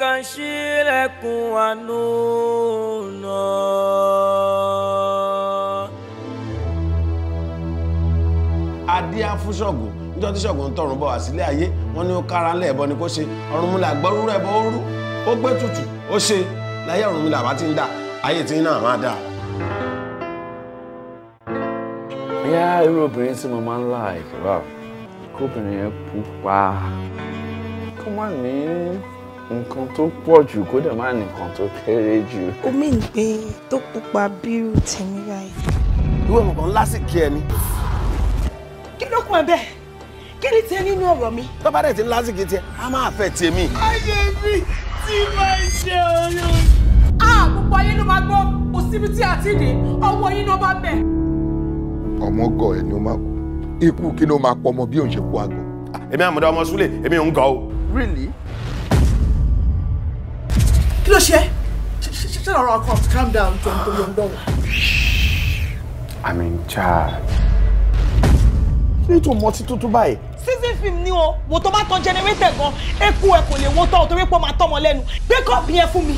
kan ṣílẹ̀kùn àánú náà. adé afúnṣọ̀gùn níjọ́ tí ṣọ̀gùn ń tọrùn bọ̀ wá sílé ayé wọ́n ní ó kára ńlẹ̀ ẹ̀bọ ni kó ṣe ọ̀rùnmúlà gbọ́rú rẹ̀ bọ́ ó rú ó gbé tutù ó ṣe láyé ọ̀rùnmúlà bá ti ń dà ayé tí náà máa dà. bóyá irú obìnrin tí mo máa ń láì kí kóbìnrin yẹn pupa kó má ní nǹkan tó pọ̀ jù kó dẹ̀ má ní tó kéré jù. ó ń pé tó pupa bírú tèmi báyìí. ìwé ọmọkàn lásìkí ẹni. kí ló kún ẹ bẹ́ẹ̀ kí ni tiẹ̀ nínú ọ̀rọ̀ mi. tó bá ti ń lásìkí tiẹ̀ á máa fẹ́ tèmi. ayé mi tí máa ń ṣe oyún. a gbogbo ayé ló máa gbọ́ kò tí a ti dé ọwọ́ yín ló bá bẹ̀. ọmọ gọ ẹ ni ó máa kú ikú kí ló máa pọ ọmọ bí òun ṣe kú àgọ. èmi àmọ̀dá ọmọ súlẹ̀ èmi ò ń gọ o. really ló ṣe ṣe ọ̀rọ̀ ọkọ calm down jọ nítorí ọ̀dọ́wọ̀. I'm in charge. nítorí mo ti tuntun báyìí. season film ni o wò tó bá tan generator gan eku ẹ kò lè wọ́n tọ́ ọ torí pé ó máa tọ́ gbé kọ́ọ̀bù yẹn fún mi.